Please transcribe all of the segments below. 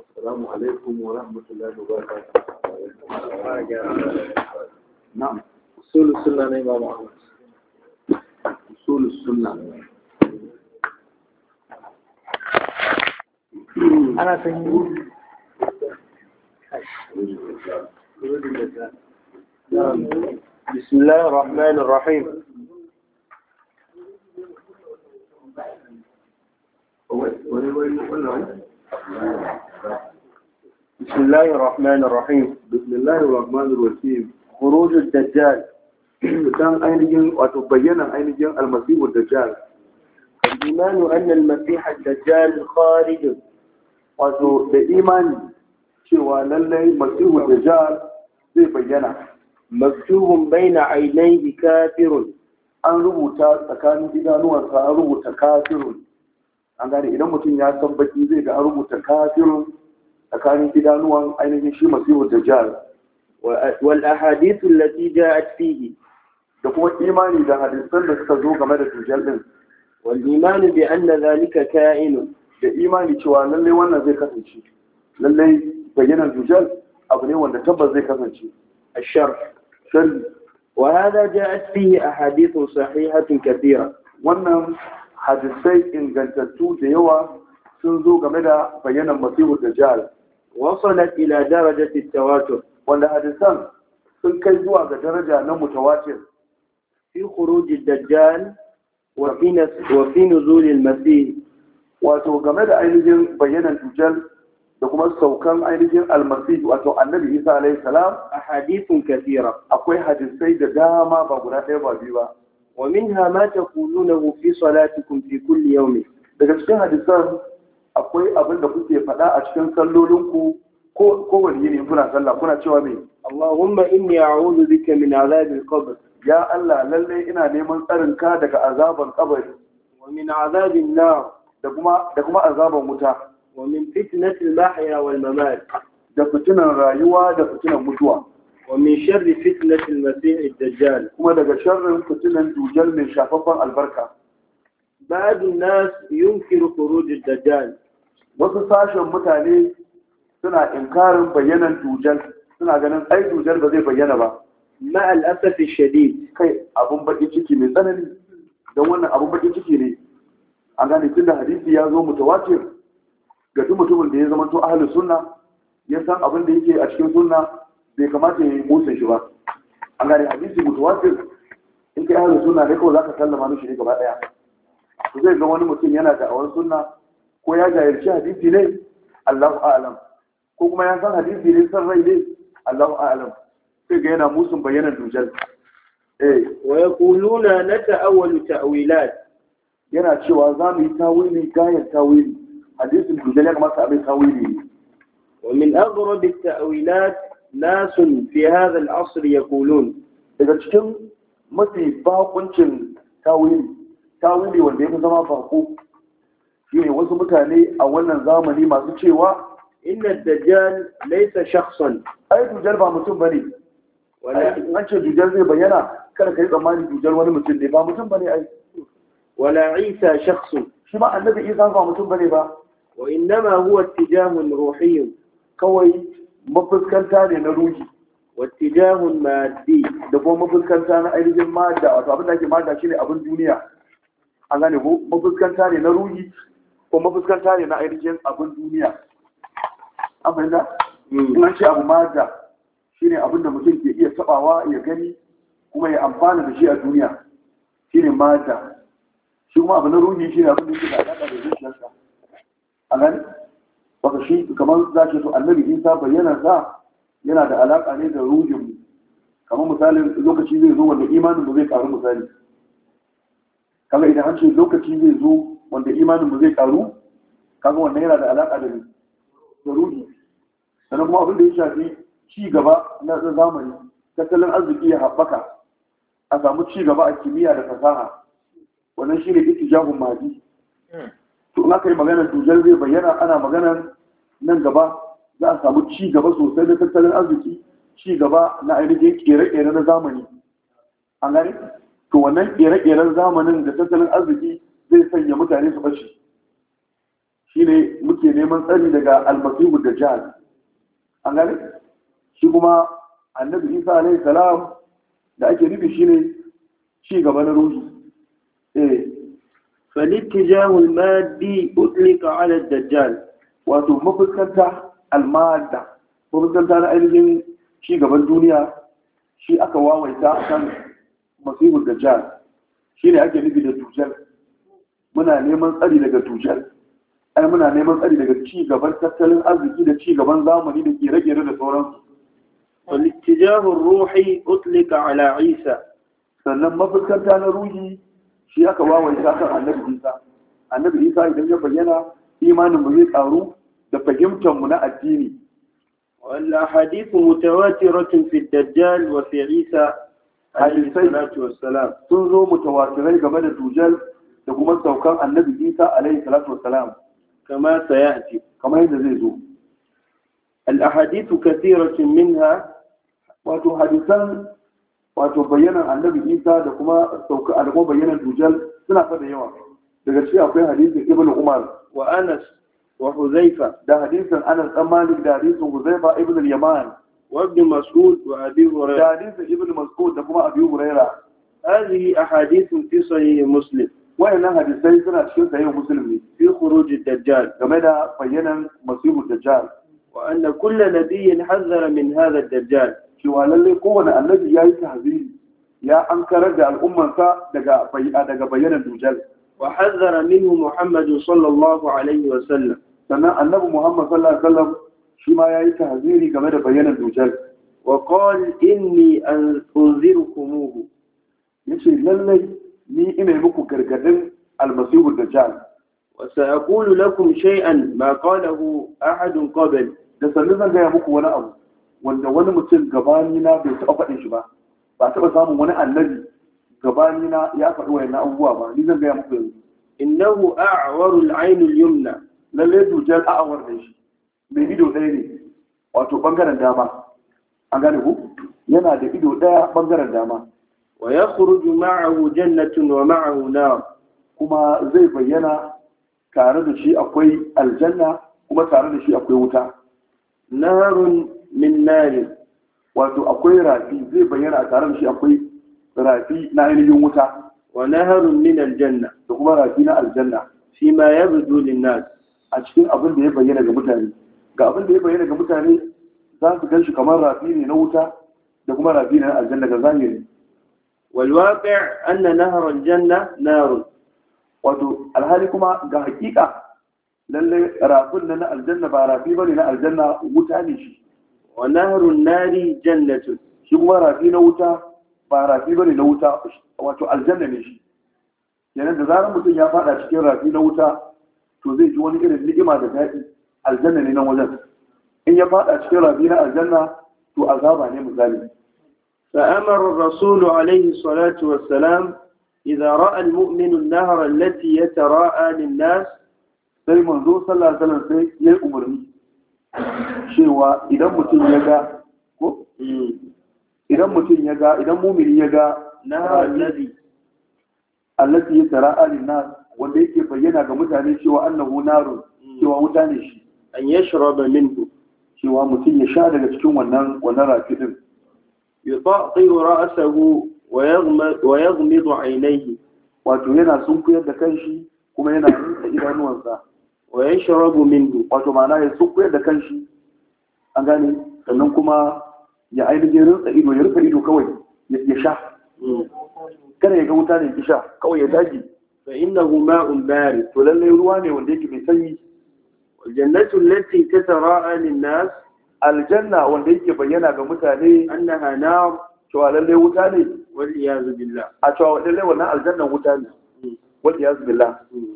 السلام عليكم ورحمة الله وبركاته نعم أصول السنة نعم إمام أحمد أصول السنة أنا فهمت نعم. بسم الله الرحمن الرحيم بسم الله الرحمن الرحيم بسم الله الرحمن الرحيم خروج الدجال كان أين وتبين أين جن المسيح الدجال الإيمان أن المسيح الدجال خارج وذو الإيمان سوى لله المسيح الدجال بينه مكتوب بين عينيه كافر أن ربو تاسكان جدا نوسى أن an gane idan mutum ya san baki zai ga an rubuta kafirun tsakanin idanuwan ainihin shi masu masihu dajjal wal ahadithu allati ja'at fihi da kuma imani da hadisan da suka zo game da dajjal din wal imani bi anna zalika ka'in da imani cewa lalle wannan zai kasance lalle bayyana dajjal abu ne wanda tabbas zai kasance ashar shar wa hada ja'at fihi ahadithu sahihatu kathira wannan hadisai ingantattu da yawa sun zo game da bayanan masihu dajjal wasalat ila darajati tawatur wanda hadisan sun kai zuwa ga daraja na mutawatir fi khuruji dajjal wa fi wa fi wato game da ainihin bayanan dajjal da kuma saukan ainihin al wato annabi Isa alayhi salam ahadithun kathira akwai hadisai da dama ba guda ɗaya ba biyu ba wa minha ma taqulunahu salati salatikum fi kulli ne. daga cikin hadisan akwai abin da kuke faɗa a cikin sallolinku ko wani yini kuna sallah kuna cewa me Allahumma inni a'udhu bika min azabil qabr ya Allah Lallai ina neman tsarin ka daga azaban kabari wa min azabin nar da kuma da kuma azaban wuta wa min fitnatil mahya wal mamat da fitinan rayuwa da fitinan mutuwa wa min sharri fitnatil masih ad-dajjal kuma daga sharrin fitilan dujal mai shafaffan albarka ba'du nas yunkiru khuruj ad-dajjal wasu sashen mutane suna inkarin bayyana dujal suna ganin ai dujal ba zai bayyana ba ma al-asaf shadid kai abun baki ciki mai tsanani dan wannan abun baki ciki ne an gane tunda hadisi ya zo mutawatir ga duk mutumin da ya zama to ahlus sunna ya san abin da yake a cikin sunna bai kamata ya yi musun shi ba an gane hadisi ce. in kai ahlus suna ne kawai ka sallama mishi ne gaba daya Su zai ga wani mutum yana da awan suna ko ya jayarci hadisi ne Allahu a'alam, ko kuma ya san hadisi ne san rai ne Allahu a'alam. sai ga yana musun bayyana, dujal eh wa yaquluna nata'awwalu ta'wilat yana cewa za mu yi tawili gayar tawili hadisin dujal ya kamata abin tawili ومن أغرب التأويلات nasun fi hadha al-asr yaqulun daga cikin mafi bakuncin tawili tawili wanda ya zama bako shine wasu mutane a wannan zamani masu cewa inna dajjal laysa shakhsan ai dujal ba mutum bane wala an ce dujal zai bayyana kada kai tsammani dujal wani mutum ne ba mutum bane ai wala isa shakhsun shi ma annabi isa ba mutum bane ba wa innama kawai mafuskanta ne na ruhi na maddi da kuma mafuskanta na ainihin mata. wato abin da ake shi shine abin duniya an gane ko mafuskanta ne na ruhi ko mafuskanta ne na ainihin abin duniya an fahimta hmm. in ce abu shi shine abin da mutum ke iya tabawa ya gani kuma ya amfana da shi a duniya shine mata. shi kuma abu na ruhi shine abin da ke da alaƙa da zuciyarsa a gane wata shi kamar za ce su annabi isa bayyana sa yana da alaƙa ne da mu kamar misali lokaci zai zo wanda imanin mu zai karu misali kaga idan an ce lokaci zai zo wanda imanin mu zai karu kaga wannan yana da alaƙa da da ruhi sannan kuma abin da ya shafi ci gaba na zamani tattalin arziki ya haɓaka a samu ci gaba a kimiyya da fasaha wannan shine ittijahun mahdi hmm. to in aka yi maganar dujar zai bayyana ana maganar nan gaba za a samu ci gaba sosai na tattalin arziki ci gaba na ainihin kere-kere na zamani A gane to wannan kere-keren zamanin da tattalin arziki zai sanya mutane su bashi shine muke neman tsari daga almasihu da jihar A gane shi kuma annabi isa alaihi salam da ake nufi shine ci gaba na ruhi eh فالاتجاه المادي أطلق على الدجال wato mafuskanta almada mafuskanta na ainihin shi gaban duniya shi aka wawaita akan masihun dajjal shi ne ake nufi da dujjal muna neman tsari daga dujjal ai muna neman tsari daga ci gaban tattalin arziki da ci gaban zamani da kere-kere da sauransu walijtijahun ruhi utlika ala isa sannan mafuskanta na ruhi shi aka wawaita kan annabi isa annabi isa idan ya bayyana imanin mu zai karu da fahimtar mu na addini wala hadithu mutawatiratun fi dajjal wa fi isa hadisai sun zo mutawatirai game da dujal da kuma saukan annabi isa alaihi salatu wassalam kama sayati kamar yadda zai zo al-ahadith kathiratun minha wato hadisan wato bayanan annabi isa da kuma sauka da kuma bayanan dujal suna fa da yawa daga cikin akwai hadisin ibnu umar wa Anas wa Huzaifa da hadisin Anas dan Malik da hadisin Huzaifa ibn al-Yaman wa ibn Mas'ud wa Abi Hurairah da hadisin ibn Mas'ud da kuma Abi Hurairah hadhihi ahadithun fi sahih Muslim wayannan hadisai suna cikin sahih Muslim ne fi khuruj ad-dajjal game da bayyanan masihu ad-dajjal wa anna kullu nabiyyin hazzara min hadha ad-dajjal cewa lalle kowane annabi ya yi tahziri ya ankarar da al'ummansa daga daga bayyanan dajjal وحذر منه محمد صلى الله عليه وسلم سنة النبي محمد صلى الله عليه وسلم شما يأيك هزيري كما بيان الدجال وقال إني أنذركموه يشي للي ني إمي مكو كركدن المسيح الدجال وسأقول لكم شيئا ما قاله أحد قبل تسلزن جاي مكو ولا أبو وأن ولا متن قبانينا بيتأفأ إجبا بعتبر سامو ولا النبي gabanina na ya faɗi yana abubuwa ba ni zan gaya muku yanzu innahu a'waru al-ayn al-yumna lalle dujal a'war da shi mai ido ɗaya ne wato bangaren dama an gane ku yana da ido ɗaya bangaren dama wa yakhruju ma'ahu jannatun wa ma'ahu nar kuma zai bayyana tare da shi akwai aljanna kuma tare da shi akwai wuta narun min nari wato akwai rafi zai bayyana a tare da shi akwai rafi na ainihin wuta wa naharun min aljanna da kuma rafi na aljanna fi ma yabdu lin nas a cikin abin da ya bayyana ga mutane ga abin da ya bayyana ga mutane za su ganshi kamar rafi ne na wuta da kuma rafi na aljanna ga zahiri wal waqi' anna nahar aljanna narun wato alhali kuma ga hakika lalle rafin na aljanna ba rafi bane na aljanna wuta ne shi wa naharun nari jannatun shi kuma rafi na wuta ba rafi ba ne na wuta wato aljanna ne shi yanar da zarar mutum ya fada cikin rafi na wuta to zai ji wani irin ni'ima da daɗi aljanna ne nan wajen in ya fada cikin rafi na aljanna to azaba ne misali فأمر الرسول عليه الصلاة والسلام إذا رأى المؤمن النهر التي يتراءى للناس sai manzo sallallahu alaihi wasallam sai ya umarni cewa idan mutum ya ga ko hmm. idan mutum ya ga idan mumini ya ga na allazi allati yasara alin wanda yake bayyana ga mutane cewa annahu narun hmm. cewa wuta ne shi an yashraba minhu cewa mutum ya sha daga cikin wannan wannan rafi din yutatiru ra'sahu wa yaghmid wa yaghmid aynayhi wato yana sunkuyar da kanshi kuma yana rinsa idanuwansa wa yashrabu minhu wato ma'ana ya sunkuyar da kanshi an gane sannan kuma ya ainihin rinsa ido ya rufe ido kawai ya sha kada ya ga wuta ne ya sha kawai ya Da fa innahu un bari to lallai ruwa ne wanda yake mai sanyi aljannatu allati tatara'a lin-nas aljanna wanda yake bayyana ga mutane annaha nar cewa lallai wuta ne wal iyaz billah a cewa lallai wannan aljannan wuta ne hmm. wal iyaz billah hmm.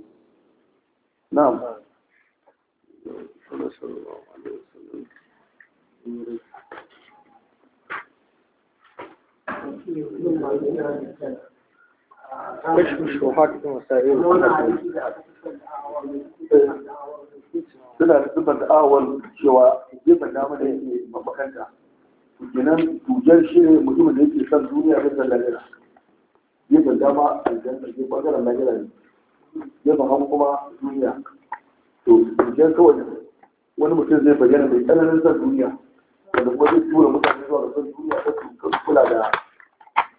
na'am sallallahu alaihi wasallam كشف الشبهات في مسائل suna da zubar da awon cewa gefen dama da yake mabakanta kenan tujar shi ne mutumin da yake son duniya da san lahira gefen dama aljanna ne bangaren lahira ne gefen hagu kuma duniya to tujar kawai wani mutum zai bayyana mai tsananin san duniya kuma zai tura mutane zuwa ga san duniya ta kula da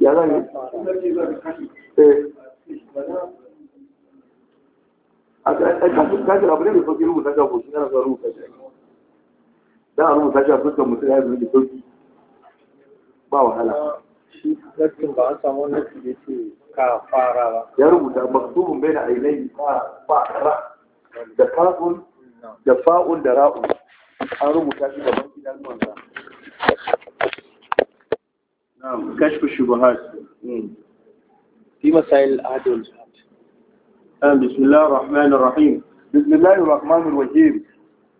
ya eh. a kafin ne mai sauki rubuta shi a koshi rubuta shi da a rubuta shi a mutum ya da sauƙi ba wahala an samu ka fara ba maktubun bai da ainihi da kafin da fa'un da ra'un an rubuta shi gaban gidan manzana نعم كشف الشبهات في مسائل العهد والجهاد بسم الله الرحمن الرحيم بسم الله الرحمن الرحيم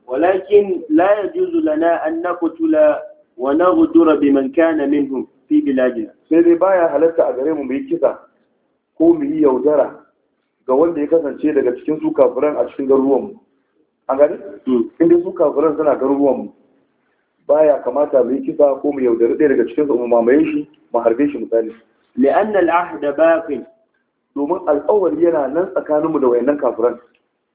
ولكن لا يجوز لنا أن نقتل ونغدر بمن كان منهم في بلادنا سيدي بايا هلتا أدريم ميكتا قومي يوزرا ga wanda ya kasance daga cikin su kafiran a cikin garuruwanmu an gani inda su kafiran suna garuruwanmu baya kamata mu yi kisa ko mu yaudari ɗaya daga cikin mu mamaye shi mu harbe shi misali li'anna al'ahda baqin domin alƙawari yana nan tsakaninmu da wayannan kafiran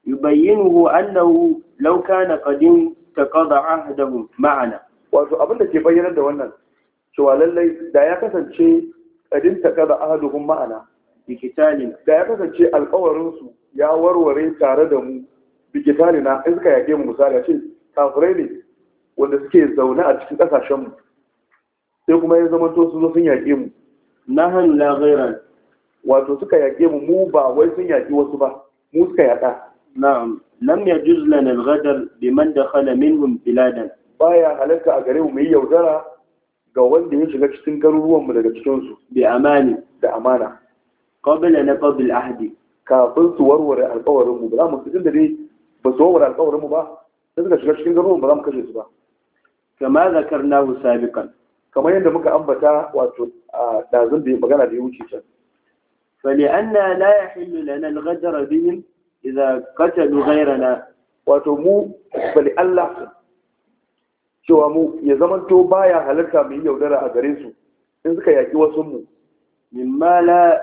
yubayyinuhu annahu law kana qadim taqada ahdahum ma'ana wato abin da ke bayyanar da wannan cewa lallai da ya kasance qadim taqada ahduhum ma'ana bikitalina da ya kasance alƙawarin su ya warware tare da mu bikitalina in suka yake mu misali ce kafirai ne wanda suke zaune a cikin ƙasashenmu sai kuma ya zama to zo sun yaƙe mu na hannu la ghairan wato suka yaƙe mu mu ba wai sun yaƙi wasu ba mu suka yaƙa na'am lam yajuz lana al-ghadar biman dakhala minhum biladan baya halarta a gare mu mu yaudara ga wanda ya shiga cikin garuruwan mu daga cikin su bi amani da amana qabla naqd al-ahd kafin su warware alƙawarin mu ba mu cikin da ne ba su warware alƙawarin mu ba sai suka shiga cikin garuruwan ba za mu kashe su ba kama zakarnahu sabiqan kamar yadda muka ambata wato dazun da magana da ya wuce can فلأننا لا يحل لنا الغدر بهم إذا قتلوا غيرنا وتمو فلألّه cewa mu ya zamanto baya halarta mu yi yaudara a gare su in suka yaki wasu mu mimma la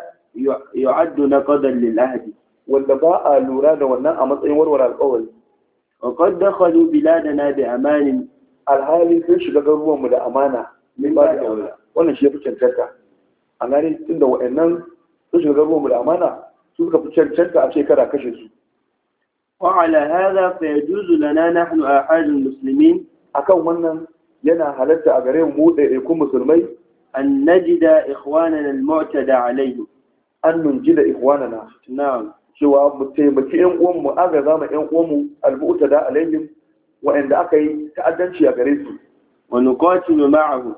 yu'addu naqadan lil ahdi wanda ba a lura da wannan a matsayin warware alƙawari wa Bila dakhalu biladana bi alhali sun shiga garuruwanmu da amana ne ba da aure wannan shi ya fi cancanta a gani inda wa'annan sun shiga garuruwan da amana su suka fi cancanta a shekara kashe su wa ala hada fa yajuzu lana nahnu ahadul A kan wannan yana halatta a gare mu da ikun musulmai an najida ikhwanana almu'tada alayhi an da ikhwanana na cewa mu taimaki yan a ga za mu yan uwan mu da alayhim Waɗanda aka yi ta'addanci a gare su wa nuqatilu ma'ahu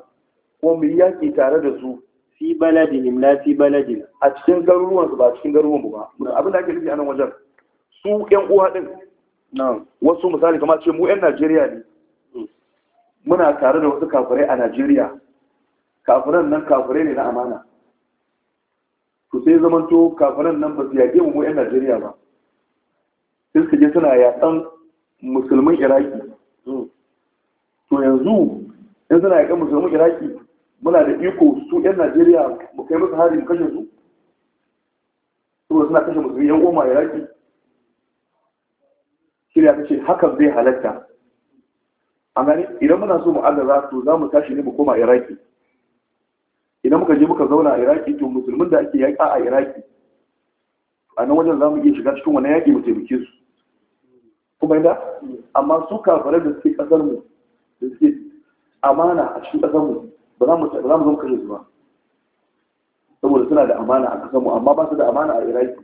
ko mu yaki tare da su fi baladihim na fi baladina a cikin garuruwan su ba cikin garuruwan mu ba abin da ake nufi a nan wajen su yan uwa Na. wasu misali kamar ce mu yan Najeriya ne hmm. muna tare da wasu kafirai a Najeriya kafiran nan kafirai ne na amana to sai zamanto kafiran nan ba su yaƙe mu yan Najeriya ba sai suka je suna yaƙan musulmin iraki to yanzu in suna yakan musulmin iraki muna da iko su 'yan najeriya mu kai musu hari mu kashe su saboda suna kashe musulmin yan goma iraki shirya ta ce hakan zai halatta a gani idan muna so mu to za mu tashi ne mu koma iraki idan muka je muka zauna a iraki to musulmin da ake yaƙa a iraki a nan wajen za mu iya shiga cikin wani yaƙi mu taimake su kuma da amma su kafirai da suke kasar mu da suke amana a cikin kasar mu ba za mu ba za mu zama kashe su ba saboda suna da amana a kasar mu amma ba su da amana a iraki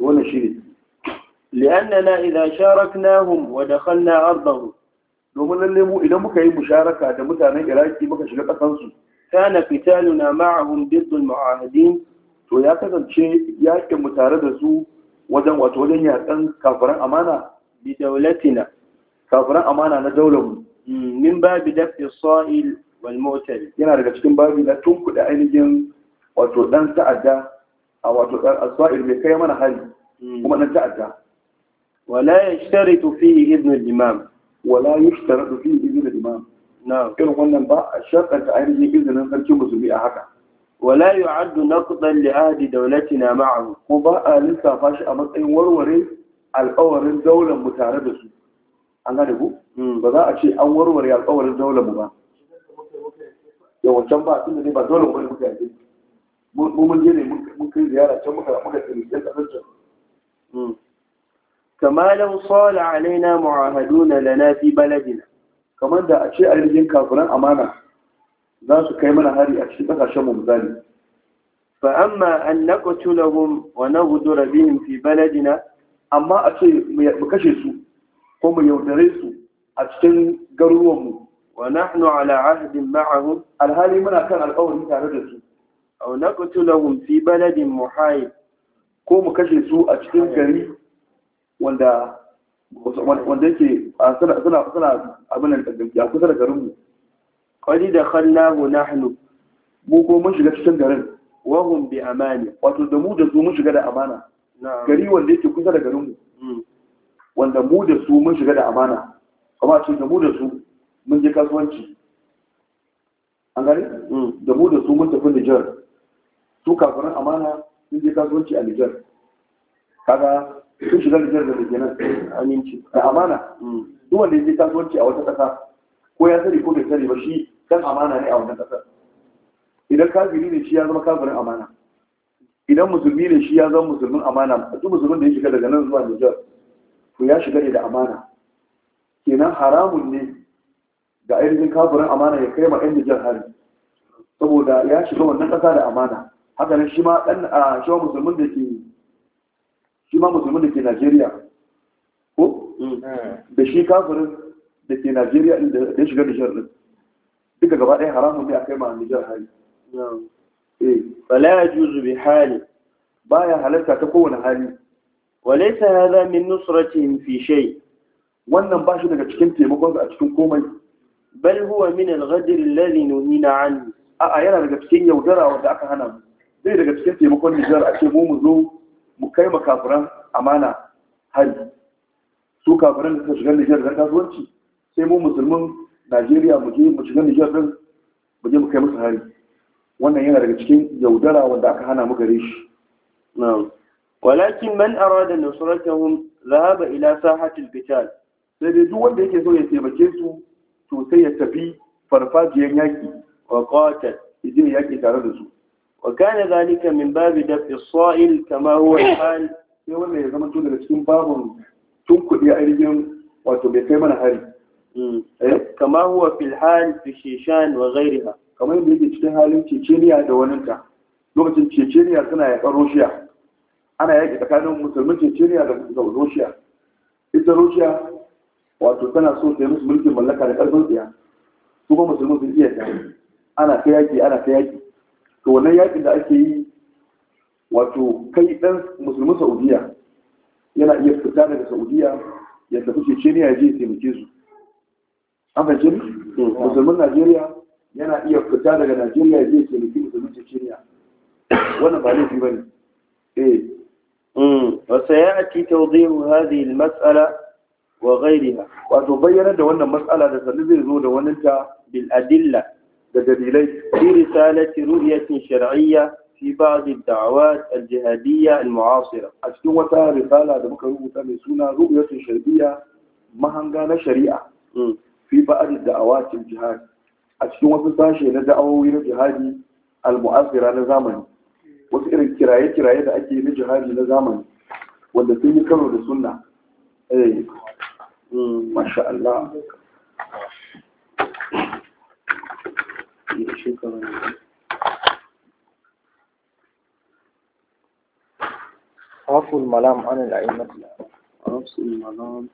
wannan shine لأننا إذا شاركناهم ودخلنا أرضهم domin lalle mu idan muka yi musharaka da mutanen iraki muka shiga ƙasansu kana qitaluna ma'ahum biddul mu'ahidin to ya kasance yakin mu tare da su wajen wato wajen yakan kafiran amana bi daulatina kafiran amana na daular mu hmm, min babi dafi sa'il wal mu'tadi yana daga cikin babi na tunkuda ainihin wato ɗan ta'adda a wato dan asa'il mai kai mana hali hmm. kuma ɗan ta'adda wala yashtaritu fihi ibn al-imam wala yashtaritu fihi ibn al-imam na irin wannan ba a shartanta ainihin izinin sarkin musulmi a haka wala yu'addu naqdan li ahdi dawlatina ma'ahu ko ba a lissafa shi a matsayin warware al'awarin daular mu tare da su an gane ku ba za a ce an warware al'awarin daular mu ba wancan ba tunda ne ba dole mu ne muka yi mu mun je ne mun kai ziyara can muka muka tsiri sai kasar can kama law sala alaina mu'ahaduna lana fi baladina kamar da a ce a yi rigin kafiran amana za su kai mana hari a cikin kasashen mu misali fa amma an naqtulahum wa naghdura bihim fi baladina amma a ce mu kashe su ko mu yaudare su a cikin garuruwan mu wa nahnu ala ahdin ma'ahum alhali muna kan alƙawari tare da su aw naqtulahum fi baladin muhayid ko mu kashe su a cikin gari wanda wanda yake suna suna abin nan ya kusa da garinmu qali da khallahu nahnu mu ko mun shiga cikin garin wahun bi amani wato da mu da su mun shiga da amana gari wanda yake kusa da garin mu mm. wanda mu da su mun shiga da amana kuma ce da mu da su mun je kasuwanci an gari mm. da mu da su mun tafi Nijar su kafirin amana sun je kasuwanci a Nijar kaga sun shiga Nijar da kenan aminci da amana mm. duk wanda ya je kasuwanci a wata ƙasa ko ya sani ko bai sani ba shi dan amana ne a wannan kasar idan kafiri ne shi ya zama kafirin amana idan musulmi ne shi ya zama musulmin amana a duk musulmin da ya shiga daga nan zuwa Nijar to ya shiga ne da amana kenan haramun ne ga ainihin kafirin amana ya kai ma ɗan Nijar hari saboda ya shiga wannan ƙasa da amana haka nan shi ma ɗan a shi ma musulmin da ke shi ma musulmin da ke Najeriya ko hmm. da shi kafirin da ke Najeriya da ya shiga Nijar din duka gaba ɗaya haramun ne a kai ma Nijar hali. Eh, fala ya juzu bi hali baya halarta ta kowane hali. Wale ya hada min nusratin fi shay. Wannan ba shi daga cikin taimakon a cikin komai. Bal huwa min al-ghadr alladhi nuhina anhu. A'a yana daga cikin yaudara wanda aka hana mu. Zai daga cikin taimakon Nijar a ce mu mu zo mu kai makafiran amana hari. Su kafiran da suka shiga Nijar don kasuwanci sai mu musulmin najeriya mu je mu shiga nijar din mu je mu kai musu hari wannan yana daga cikin yaudara wanda aka hana mu gare shi walakin man arada nusratahum zahaba ila sahatil qital sai dai duk wanda yake so ya taimake su to sai ya tafi farfajiyan yaki wa qatal idan yaki tare da su wa kana zalika min babi dafi sa'il kama huwa al sai wanda ya zama tun daga cikin babun tun kudi a irgin wato bai kai mana hari hmm. eh, kama huwa fil hal fi shishan wa ghairiha kamar yadda yake cikin halin ceceniya da ta. lokacin ceceniya suna yaƙa roshiya ana yaƙi tsakanin musulmin ceceniya da roshiya ita roshiya wato tana so ta yi musu mulkin mallaka da ƙarfin tsiya su kuma musulmin sun iya ta ana ta yaƙi ana ta yaƙi to wannan yaƙin da ake yi wato kai ɗan musulmin saudiya yana iya fita daga saudiya ya tafi ceceniya ya je ya taimake su an fahimci musulmin najeriya yana iya fita daga najeriya zai ya je taimaki musulmin chechenia wannan ba laifi ba ne ake eh وسيأتي توضيح هذه المسألة Wato وتبين da wannan matsala da sanin zai zo da wannan ta bil adilla da dalilai fi risalati ru'yatin shar'iyya fi ba'd ad-da'awat al-jihadiyya al-mu'asira a cikin wata risala da muka rubuta mai suna ru'yatun shar'iyya mahanga na shari'a mm. في بعض الدعوات الجهاد أتكلم وفتاشي ندعوه لجهادي المؤثرة نزامن وفي الكراية كراية أتي جهاد نزامن والذي يكبر للسنة أي ما شاء الله إيه، شكرا عفو الملام عن العلم عفو الملام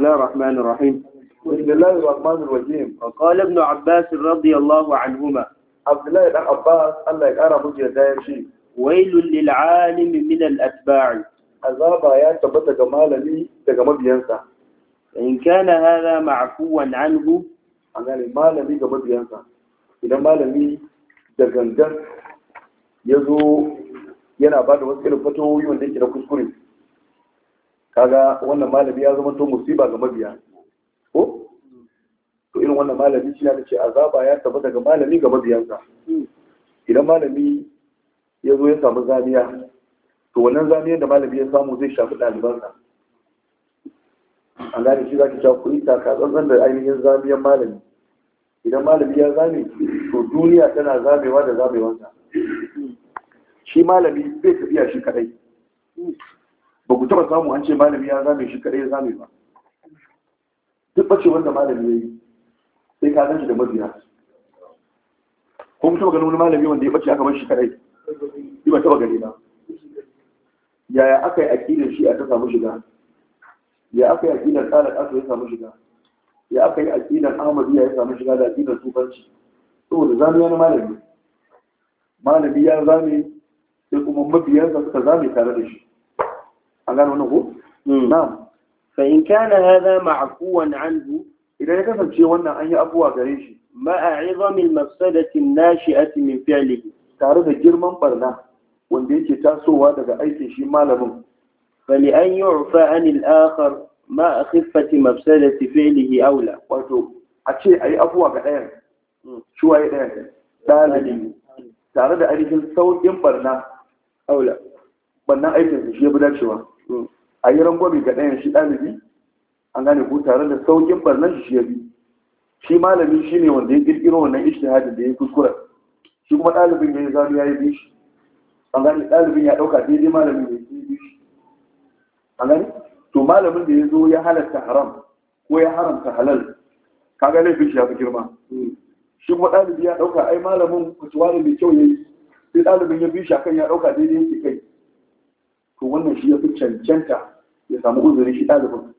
الله الرحمن الرحيم بسم الله الرحمن الرحيم وقال ابن عباس رضي الله عنهما عبد الله بن عباس الله يقرا مجي دايشي ويل للعالم من الاتباع عذاب يا تبت جمالي daga mabiyansa in kana hada ma'fuwan anhu anani malami ga mabiyansa idan malami da gangan yazo yana bada wasu irin fatawoyi wanda yake da kuskure kaga wannan malami ya zama to musiba ga mabiya ko to irin wannan malami shi ne ce azaba ya tabbata ga malami ga mabiyansa idan malami ya zo ya samu zaniya to wannan zaniyar da malami ya samu zai shafi ɗalibansa an gane shi za ki cewa kuɗi taka tsantsan da ainihin zaniyar malami idan malami ya zame to duniya tana zamewa da zamewansa shi malami bai tafiya shi kaɗai ba ku taba samu an ce malami ya zame shi kadai ya zame ba duk bace wanda malami ya yi sai ka ganshi da mabiya ko mu taba ganin wani malami wanda ya bace aka bar shi kadai ba taba gani ba yaya aka yi aƙidar shi a ta samu shiga ya aka yi aƙidar tsarin aka ya samu shiga ya aka yi aƙidar ahmadiyya ya samu shiga da aƙidar tufanci saboda zami yana malami malami ya zame sai kuma mabiyansa suka zame tare da shi نعم فإن كان هذا معفوا عنه إذا كيف تجي وانا أي أبوا قريش ما عظم المسألة الناشئة من فعله تعرف الجرم برنا وانديك تاسو هذا أي شيء ما لهم فلأن يعفى عن الآخر ما خفة مسألة فعله أولى وانتو أتشي أي أبوا قريش شو أي أبوا قريش تعرف أي شيء تسوي جرم برنا أولى بنا أي شيء يبدأ شوان a yi rangobi ga ɗayan shi ɗalibi an gane ko tare da saukin barnar shi ya bi shi malami shi ne wanda ya ƙirƙiro wannan ishtihadin da ya kuskura shi kuma ɗalibin ya yi zaru ya yi bi shi an gane ɗalibin ya ɗauka daidai malamin da ya bi shi an gane to malamin da ya zo ya halatta haram ko ya haramta halal ga laifin shi ya fi girma shi kuma ɗalibi ya ɗauka ai malamin kutuwa ne mai kyau ya yi sai ɗalibin ya bi shi akan ya ɗauka daidai yake kai to wannan shi ya fi cancanta ya samu uzuri shi ɗalibin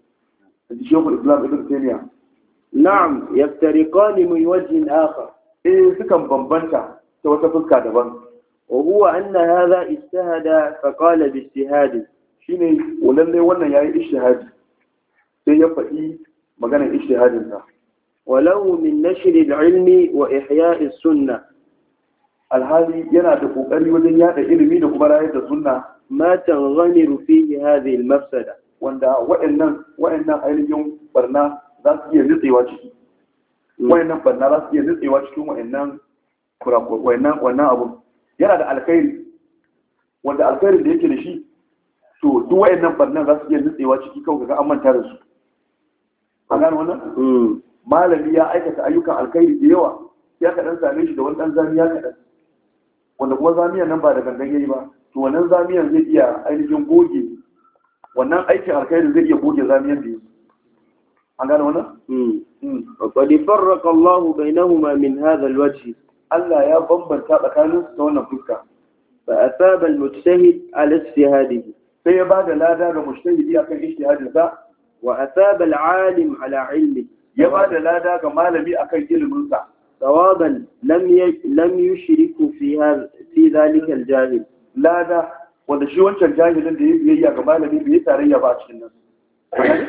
da shi shekul islam ibn taymiya na'am yaftariqani min wajhin akhar eh sukan bambanta ta wata fuska daban wa huwa anna hadha ijtahada fa qala bi ijtihadi shine lalle wannan yayi ijtihadi sai ya faɗi maganar ijtihadin sa ولو من نشر العلم وإحياء السنة alhali yana da kokari wajen yada ilimi da kuma rayar da sunna ma tanghamiru fihi hadhihi al-mafsada wanda wa'annan wa'annan ainihin barna za su iya nutsewa ciki mm. wa'annan barna za su iya nutsewa cikin wa'annan kurakur wa'annan wannan abu yana da alkhairi wanda alkhairin da yake da shi to duk wa'annan barna za su iya nutsewa ciki kawai kaga an manta da su an gane wannan mm. malami ya aikata ayyukan alkhairi da yawa ya kaɗan same shi da wani ɗan zami ya kaɗan wanda kuma zamiyan nan ba da gangan yayi ba to wannan zamiyan zai iya ainihin goge wannan aikin alkhairi zai iya goge zamiyan da yake an gane wannan hmm. hmm. qad farraqa Allahu bainahuma min hadha alwajh Allah ya bambanta tsakanin su ta wannan fuska fa asaba almujtahid ala ijtihadihi sai ya bada lada ga mujtahidi akan ijtihadin sa wa asaba alalim ala ilmi ya bada lada ga malami akan ilimin tsawaban lam yushriku fi fi zalika aljahil lada wanda shi wancan jahilin da ya biyayya ga malami bai tarayya ba a cikin nan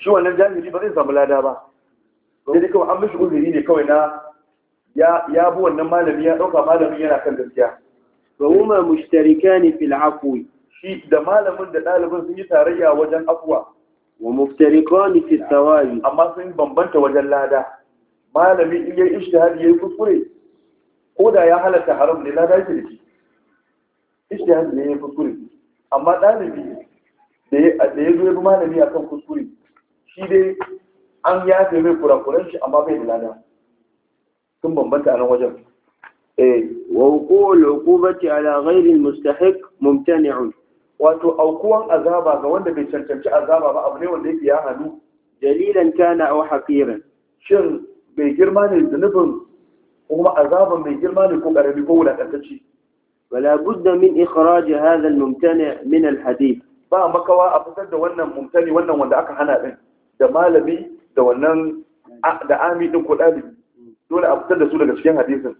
shi wannan jahili ba zai samu lada ba sai dai kawai an mishi uzuri ne kawai na ya bi wannan malami ya dauka, malami yana kan gaskiya wa huma ne fil afwi shi da malamin da ɗalibin sun yi tarayya wajen afuwa. wa muftarikani fil thawabi amma sun bambanta wajen lada malami in yayi ya yayi kuskure ko da ya halatta haram ne na yake da shi ishtihadi ne yayi kuskure amma dalibi da ya zo ya bi malami akan kuskure shi dai an yafe mai kurakuran shi amma bai da lada sun bambanta a nan wajen eh wa uqul uqubati ala ghairi almustahiq mumtani'un wato aukuwan azaba ga wanda bai cancanci azaba ba abu ne wanda yake ya hannu dalilan kana aw haqiran shin mai girma ne zunubin kuma azaban mai girma ne ko karami ko wulaƙantacci wala budda min ikhraj hadha al-mumtani min al-hadith ba makawa a fitar da wannan mumtani wannan wanda aka hana din da malami da wannan da ami din ko dole a fitar da su daga cikin hadisin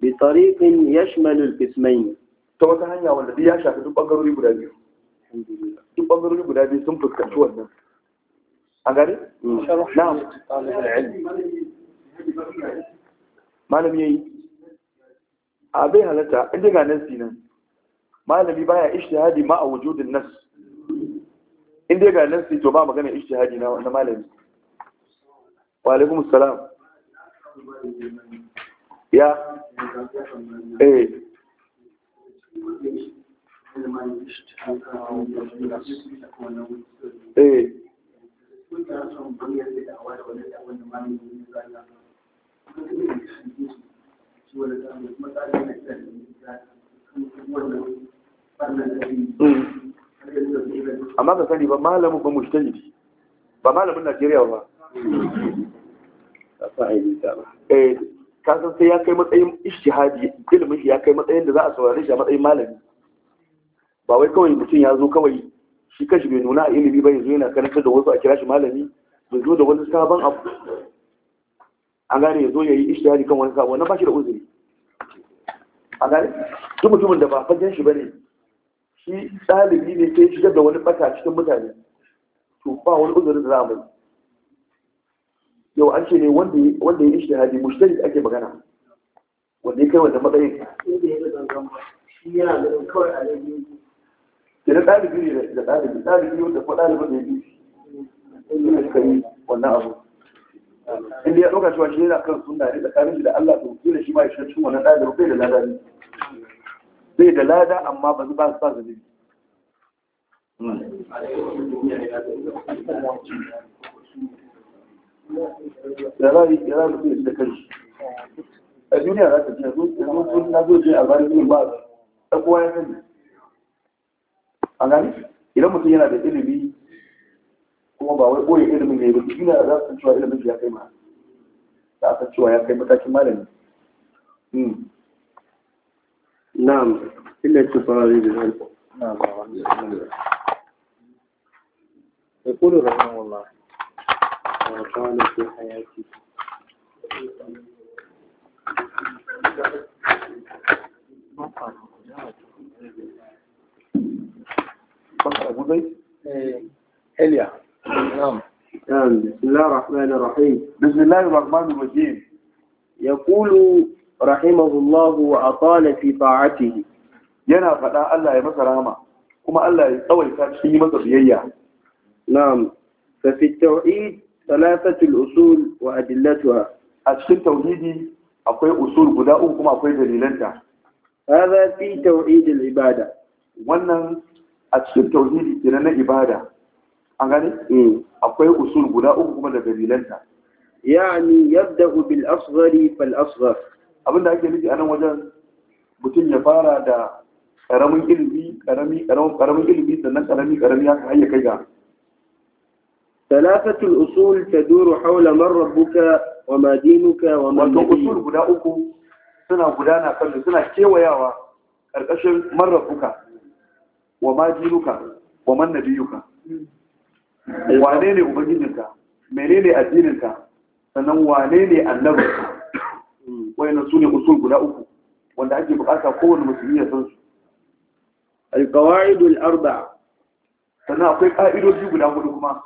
bi tariqin yashmal al-qismayn to wata hanya wanda duk ya shafi duk bangarori guda biyu duk bangarori guda biyu sun fuskanci wannan a gari na'am malami yayi a bai halatta inda ga nasi nan malami baya ishtihadi ma a wujudin nas inda ga nasi to ba magana ishtihadi na wannan malami wa alaikum salam ya eh eh Hmm. amma ka sani ba malamin ba mujtahidi ba malamin Najeriya ba eh ka san sai ya kai matsayin ijtihadi ilimin shi ya kai matsayin da za a saurare shi a matsayin malami ba wai kawai mutum ya zo kawai shi kashi bai nuna a ilimi ba yanzu yana karantar da wasu a kira shi malami yanzu da wani sabon abu an gane ya zo ya yi ishtihari kan wani sa na bashi da uzuri an gane duk mutumin da ba fagen shi bane shi ɗalibi ne sai shigar da wani ɓata cikin mutane to ba wani uzurin da za a yau an ce ne wanda ya yi ishtihadi mushtari ake magana wanda ya kai wanda matsayin kira ɗalibi ne da ɗalibi ɗalibi wanda ko ɗalibin da ya shi ne suka yi wannan abu inda ya ɗauka cewa shi yana kan suna ne tsakanin shi da Allah to kila shi ma ya shiga cikin wannan ɗalibin bai da lada ne bai da lada amma ba zai ba su ba zai ya za yi ya za su da kanshi a duniya za ta ce yanzu sun na zo ce albani ne ba a kowa ya sani a gani idan mutum yana da ilimi kuma ba wai ɓoye ilimin ne ba kila za su cewa ilimin ya kai ma za su cewa ya kai matakin malami hmm. na'am da zai na'am يقول رحمه الله وقال في حياتي نعم نعم بسم الله الرحمن الرحيم بسم الله الرحمن الرحيم يقول رحمه الله وأطال في طاعته yana faɗa Allah ya masa rama kuma Allah ya tsawaita cikin yi masa biyayya na'am fa fi tauhid wa adillatuha a cikin tauhidi akwai usul guda uku kuma akwai dalilanta hadha zafi tauhid ibada wannan a cikin na ibada an gani mm. akwai usul guda uku kuma da kabilanta yani yabda'u bil asghari fal asghar abinda ake nufi a nan wajen mutum ya fara da karamin ilimi karami karamin ilimi sannan karami karami haka har ya kai ga ثلاثة الأصول haula حول من ربك wa دينك وما نبيك usul guda uku suna gudana kan suna kewayawa ƙarƙashin man rabbuka wa ma dinuka wa man nabiyuka mm. Eh, wane ne ubangijinka menene addininka sannan wane ne annabi wayannan su ne usul guda uku wanda ake bukata kowane musulmi ya san su alqawaidul arba sannan akwai ka'idoji guda hudu kuma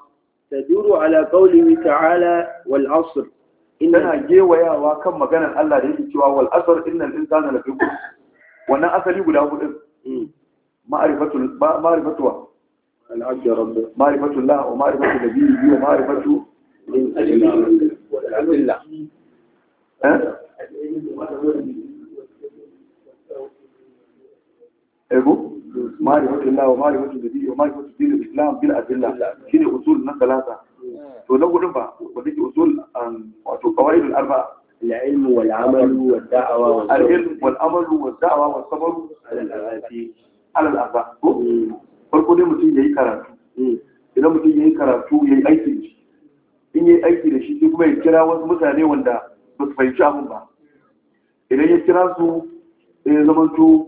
taduru ala qawlihi ta'ala wal asr tana gewayawa kan maganar Allah da yake cewa wal asr innal insana lafi wannan asali guda hudu hmm. ma'rifatu ma'rifatu العبد ربه معرفة الله ومعرفة نبيه ومعرفة الأدلة ها؟ ايه معرفة الله ومعرفة النبي ومعرفة دين الإسلام بالأدلة شنو أصولنا ثلاثة ولو نبع وديك أصول القواعد الأربعة العلم والعمل والدعوة العلم والأمل والدعوة والصبر على الأربعة على الأربعة farko dai mutum ya yi karatu eh, idan mutum ya yi karatu ya yi aiki da shi in ya yi aiki da shi sai kuma ya kira wasu mutane wanda ba su fahimci abin ba idan ya kira su sai ya zama to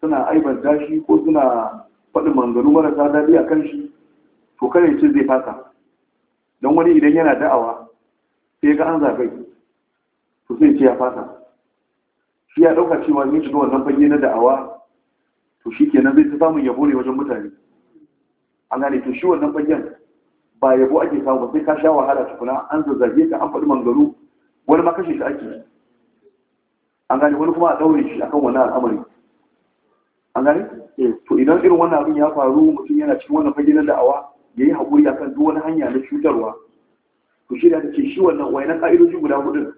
suna aibanta shi ko suna faɗin manganu marasa daɗi a kan shi to kada ya ce zai fasa don wani idan yana da'awa sai ga an zaɓe to sai ce ya fasa shi ya ɗauka cewa zai shiga wannan fage na da'awa to shi kenan zai ta samun yabo ne wajen mutane an gane to shi wannan fagen, ba yabo ake samu ba sai ka sha wahala tukuna an zazzage ka an faɗi mangaru wani ma kashe shi ake an gane wani kuma a ɗaure shi akan wannan al'amari an gane eh, to idan irin wannan abin ya faru mutum yana cikin wannan fage na da'awa ya yi haƙuri akan duk wani hanya na cutarwa to shi da ta ce shi wannan wayanan ƙa'idoji guda hudu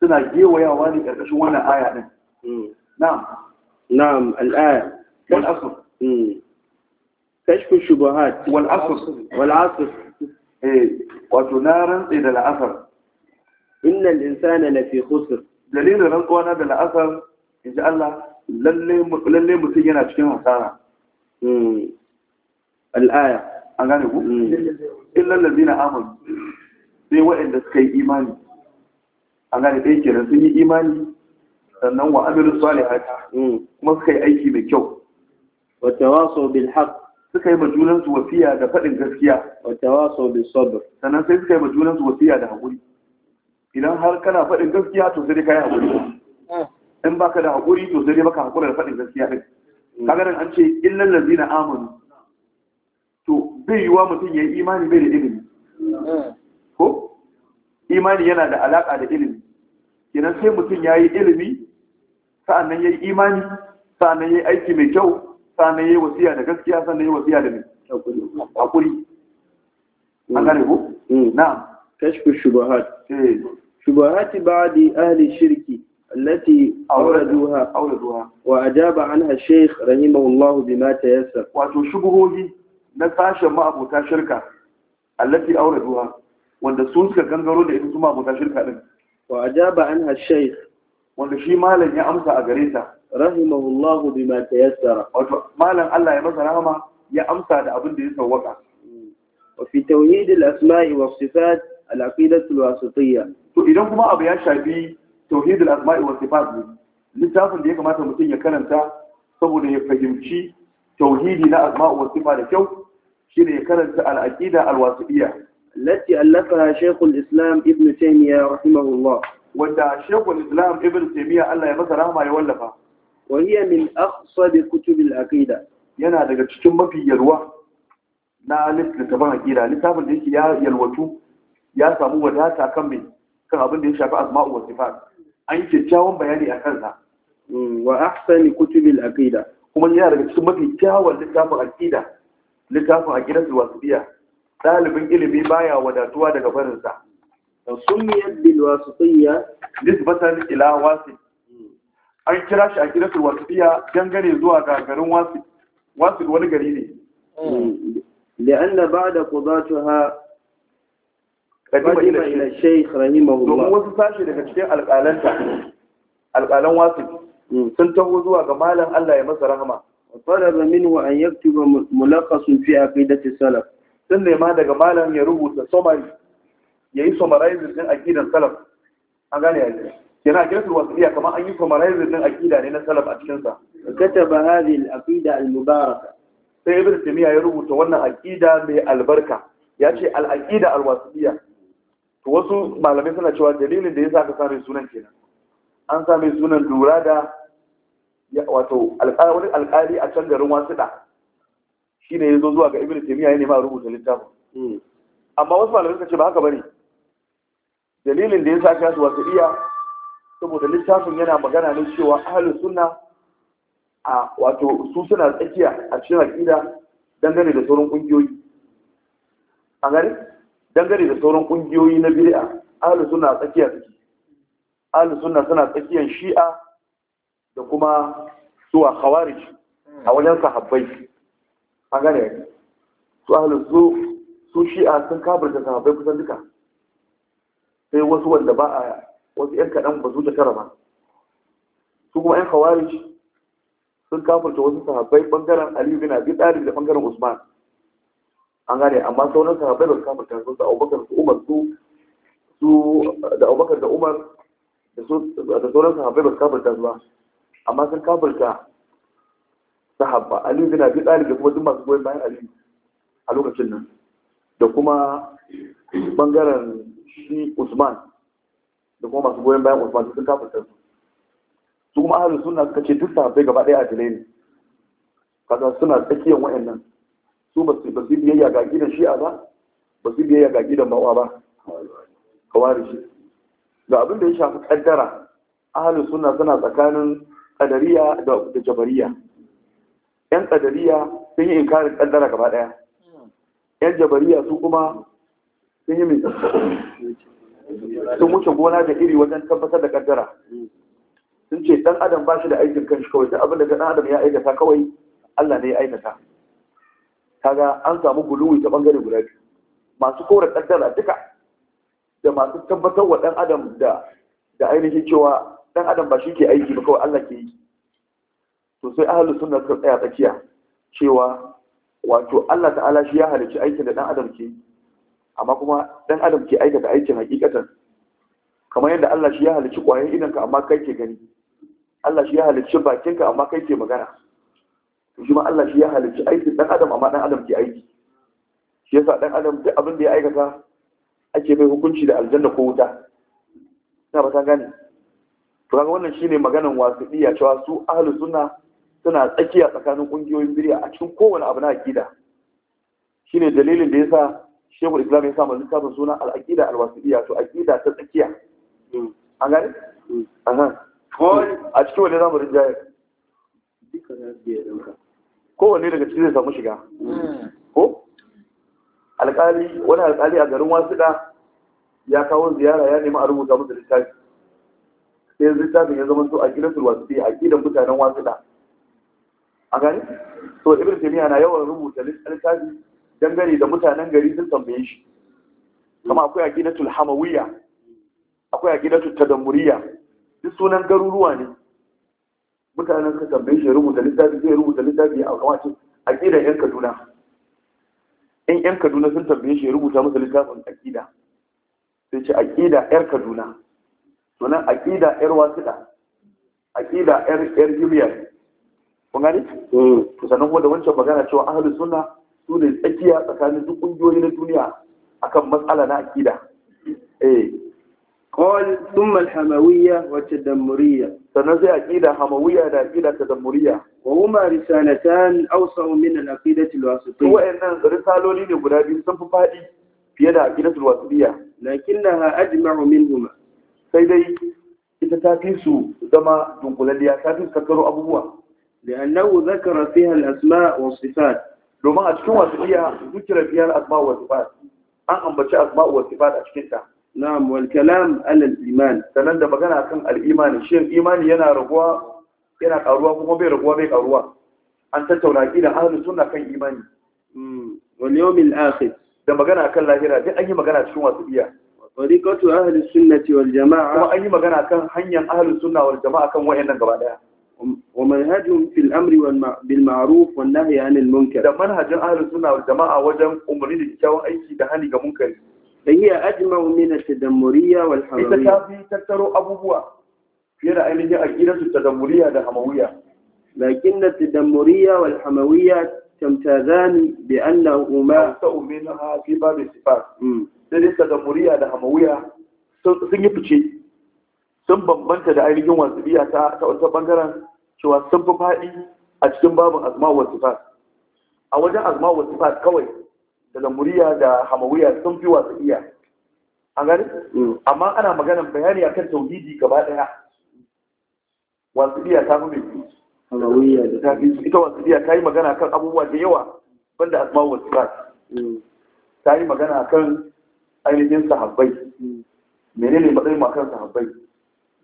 suna gewayawa ne ƙarƙashin wannan aya ɗin hmm. na'am نعم الآن hmm. eh, da كشف الشبهات والعصر والعصر وتنارا إلى العصر إن الإنسان لفي خسر دليل رنقوانا بالعصر إن شاء الله lalle mutum yana cikin hasara hmm. al'aya an gane ku hmm. illan lazina amanu sai waɗanda suka yi imani an gane ɗaya kenan sun yi imani sannan wa amilu salihati mm. kuma suka yi aiki mai kyau wa tawasaw bil haqq suka yi majunan su wasiya da faɗin gaskiya wa tawasaw bis sabr sannan sai suka yi majunan su wasiya da hakuri idan har kana faɗin gaskiya to sai kai hakuri ah. in baka da hakuri to sai baka haƙura da faɗin gaskiya din mm. kaga nan an ce illal ladzina amanu to bai yiwa mutum ya yi imani bai da ilimi ah. ko imani yana da alaka da ilimi idan sai mutum ya yi ilimi sa'annan yi imani sa'annan yi aiki mai kyau sa'annan yi wasiya da gaskiya sa'annan yi wasiya da mai hakuri a gane ku? Mm. na'am kashfu shubahat eh. shubahat ba'di ahli shirki التي أوردوها أوردوها وأجاب عنها الشيخ رحمه الله بما تيسر وتشبهه نساشا ما أبو تاشركة التي أوردوها وأن السنسكة كان قالوا لي إنتم أبو تاشركة وأجاب عنها الشيخ wanda shi malam ya amsa a gare ta rahimahullahu bima tayassara wato malam Allah ya masa rahama ya amsa da abin da ya sawwaka wa fi tawhid al-asma'i wa sifat al-aqidah al-wasitiyya to idan kuma abu ya shafi tauhid al-asma'i wa sifat ne littafin da ya kamata mutum ya karanta saboda ya fahimci tauhidi na asma'u wa sifa da kyau shine ya karanta al-aqida al-wasitiyya التي ألفها شيخ الإسلام ابن تيمية رحمه الله wanda shekul islam ibn taimiyya allah ya masa rama ya wallafa wa hiya min akhsad kutub al-aqida yana daga cikin mafi yalwa na littafin aqida littafin da yake ya yalwatu ya samu wadata kan mai kan abin da ya shafi asma'u wa sifat an kyakkyawan bayani a kansa mm, wa ahsani kutubil aqida kuma yana daga cikin mafi kyawun littafin aqida littafin aqidatul wasiliya Dalibin ilimi baya wadatuwa daga barinsa summiyat bil wasitiyya nisbatan ila wasit an kira shi a gidatul wasitiyya dangane zuwa ga garin wasit wasit wani gari ne Da za ba'da qudatuha qadima ila Rahima rahimahullah domin wasu sashi daga cikin alƙalanta alƙalan wasu sun taho zuwa ga malam Allah ya masa rahama طلب منه أن يكتب ملخص في عقيدة Sun nema daga Malam ya rubuta تصمري yayi summarizing din aqidar salaf an gane ce yana kiran wasiya kamar an yi summarizing din aqida ne na salaf a cikin sa kataba hadhihi al-aqida al-mubaraka sai ibn timiya ya rubuta wannan aqida mai albarka ya ce al-aqida al wasiya to wasu malamai suna cewa dalilin da yasa aka same sunan kenan an sami sunan lura da wato alƙali alƙali a can garin wasuɗa shine yazo zuwa ga ibn timiya ya a rubuta littafin hmm. amma wasu malamai suka ce ba haka bane dalilin da ya sa ka wasu iya saboda littafin yana magana ne cewa ahalin suna a wato su suna tsakiya a cikin aƙida dangane da sauran ƙungiyoyi a gari dangane da sauran ƙungiyoyi na bid'a ahalin suna tsakiya suke ahalin suna suna tsakiyan shi'a da kuma zuwa khawarij a wajen sahabbai a gari su ahalin su shi'a sun kabarta sahabbai kusan duka sai wasu wanda ba a wasu yan kaɗan ba su ta tara ba su kuma yan khawarij sun kafurta wasu sahabbai bangaren aliyu bin abi talib da bangaren usman an gane amma sauran sahabbai ba su kafurta su abubakar su umar su su da abubakar da umar da sauran sahabbai ba su kafurta su ba amma sun kafurta sahabba aliyu bin abi talib da kuma duk masu goyon bayan aliyu a lokacin nan da kuma bangaren shi Usman da kuma masu goyon bayan Usman sun kafirta su su kuma ahlus suna suka ce duk sahabbai gaba ɗaya a adilai ne kaga suna tsakiyar wayannan su ba su biyayya ga gidan shi'a ba ba su biyayya ga gidan bawa ba kawari shi ga abin da ya shafi kaddara ahlus sunna suna tsakanin kadariya da jabariya yan kadariya sun yi inkarin kaddara gaba ɗaya yan jabariya su kuma sun yi mai sun wuce gona da iri wajen tabbatar da kaddara sun ce dan adam ba shi da aikin shi kawai duk abin da dan adam ya aikata kawai Allah ne ya aikata kaga an samu guluwi ta bangare guda biyu masu kora kaddara duka da masu tabbatar wa dan adam da da ainihin cewa dan adam ba shi ke aiki ba kawai Allah ke yi to sai ahlus sunna suka tsaya tsakiya cewa wato Allah ta'ala shi ya halicci aikin da dan adam ke yi amma kuma dan adam ke aikata aikin hakikatan kamar yadda Allah shi ya halicci ƙwayan idanka amma kai ke gani Allah shi ya halicci bakinka amma kai ke magana to shi ma Allah shi ya halicci aikin dan adam amma dan adam ke aiki shi yasa dan adam duk abin da ya aikata ake mai hukunci da aljanna ko wuta ina ba ta gane to kaga wannan shine maganan wasiya cewa su ahlus sunna suna tsakiya tsakanin kungiyoyin bid'a a cikin kowane abu na akida shine dalilin da yasa shekul islam ya samu littafin suna al'aƙida alwasiɗiya to aƙida ta tsakiya hmm. an gani? Hmm. a cikin wani zamurin rinjaye kowanne daga cikin zai samu shiga hmm. ko alƙali wani alƙali a garin Wasuɗa ya kawo ziyara ya nemi a rubuta musu littafi sai littafin ya zama so a gidan sulwasiɗi a gidan mutanen Wasuɗa. a gani so ibn na yawan rubuta littafi dangane da mutanen gari sun tambaye shi kama akwai aqidatul hamawiyya akwai aqidatul tadammuriyya duk sunan garuruwa ne mutanen ka tambaye shi rubuta littafi zai rubuta littafi a kamacin aqidan yan Kaduna in yan Kaduna sun tambaye shi rubuta masa littafin aqida sai ce aqida yar Kaduna sunan aqida yar wasita aqida yar yar jibiyar kun gani mm. to sanan kuma da wancan magana cewa ahlus sunna su ne tsakiya tsakanin duk ƙungiyoyi na duniya akan matsala na akida. Eh. Kawai sun malhamawiya wacce damuriya. Sannan sai akida hamawiya da akida ta damuriya. Wa umar risalatan ausa umina na akida tilwasu. Su wa'annan risaloli ne guda biyu sun fi faɗi fiye da akida tilwasu biya. Lakin na ha ajima umin huma. Sai dai ita ta fi su zama dunkulalliya ta fi su abubuwa. Da annahu zakara fiha al-asma wa sifat. domin a cikin wasu wasiya zikira biyar asma wa sifat an ambaci asma wa sifat a cikin ta na'am wal kalam al iman sanan da magana kan al imani shin imani yana raguwa yana karuwa kuma bai raguwa bai karuwa an tattauna kidan ahlus sunna kan imani mm, wal yawmil akhir da magana kan lahira duk an yi magana cikin wasu jama'a? Kuma an yi magana وأي مغانا كان هنيا أهل jama'a kan wayannan gaba قبعدها ومنهجهم في الأمر بالمعروف والنهي عن المنكر ده منهج أهل السنة والجماعة وجم أمرين الجوان أيكي دهاني كمنكر فهي أجمع من التدمرية والحموية إذا كان في تكتر أبوبوا في رأينا أجيرة التدمرية والحموية لكن التدمرية والحموية تمتازان بأنهما أسأل منها في باب الصفات لذلك التدمرية والحموية سنجبتشي sun bambanta da ainihin wanzubiya ta ta wata bangaren cewa sun fi faɗi a cikin babin azma wa sifat a wajen azma wa sifat kawai da lamuriya da hamawiya sun fi wanzubiya an gani mm. amma ana magana bayani akan tauhidi gaba Wasu biya ta fi mai ita biya ta yi magana kan abubuwa da yawa banda azma wa sifat mm. ta yi magana kan ainihin sahabbai mm. menene matsayin makar sahabbai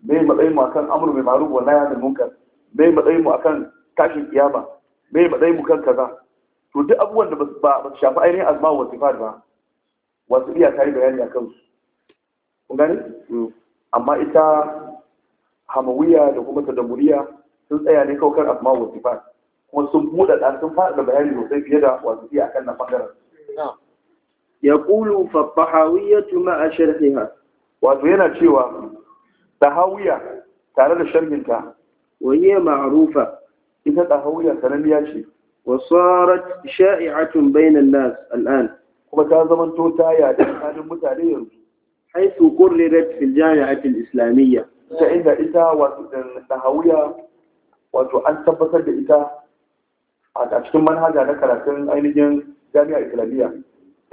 me matsayin mu akan amru mai ma'ruf wa nahy anil munkar me matsayinmu mu akan tashin kiyama me matsayin mu kan kaza to duk abubuwan da ba ba shafi ainihin asma wa sifat ba wasu iya ta yi bayani a kansu kun gani mm. amma ita hamawiya da kuma tadamuriya sun tsaya ne kawai kan asma wa sifat kuma sun buɗe ɗan sun faɗa bayani sosai fiye da wasu iya akan na bangaren يقول فالطحاوية مع شرحها وأتوينا شيوا تهوية تعرض الشر منك وهي معروفة إذا تهوية سلام ياشي وصارت شائعة بين الناس الآن وكذا زمن توتا يا هذا حيث قررت في الجامعة الإسلامية فإذا إتا وتهوية وتأنتبت بإتا أشتم من هذا ذكر سن أين جن جامعة إسلامية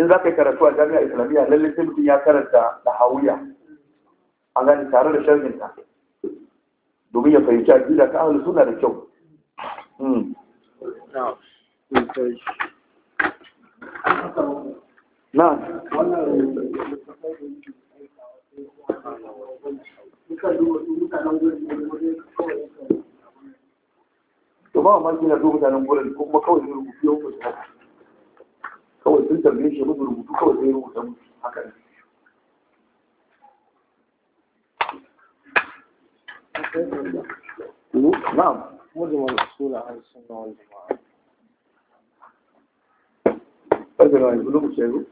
إذا كرتوا جامعة إسلامية للي سمت يا كرتا تهوية an gani tare da sharhinta domin ya fahimci aƙida ka ahalu suna da kyau hmm. na to ba mamaki na zuwa mutanen gurin kuma kawai zai rubutu yau kawai sun tambaye shi rubutu kawai zai rubuta mutu haka ne نعم مجمل الأصول عن السنة والجماعة أجل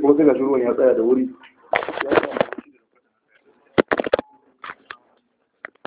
kuma sai ga ruwan ya tsaya da wuri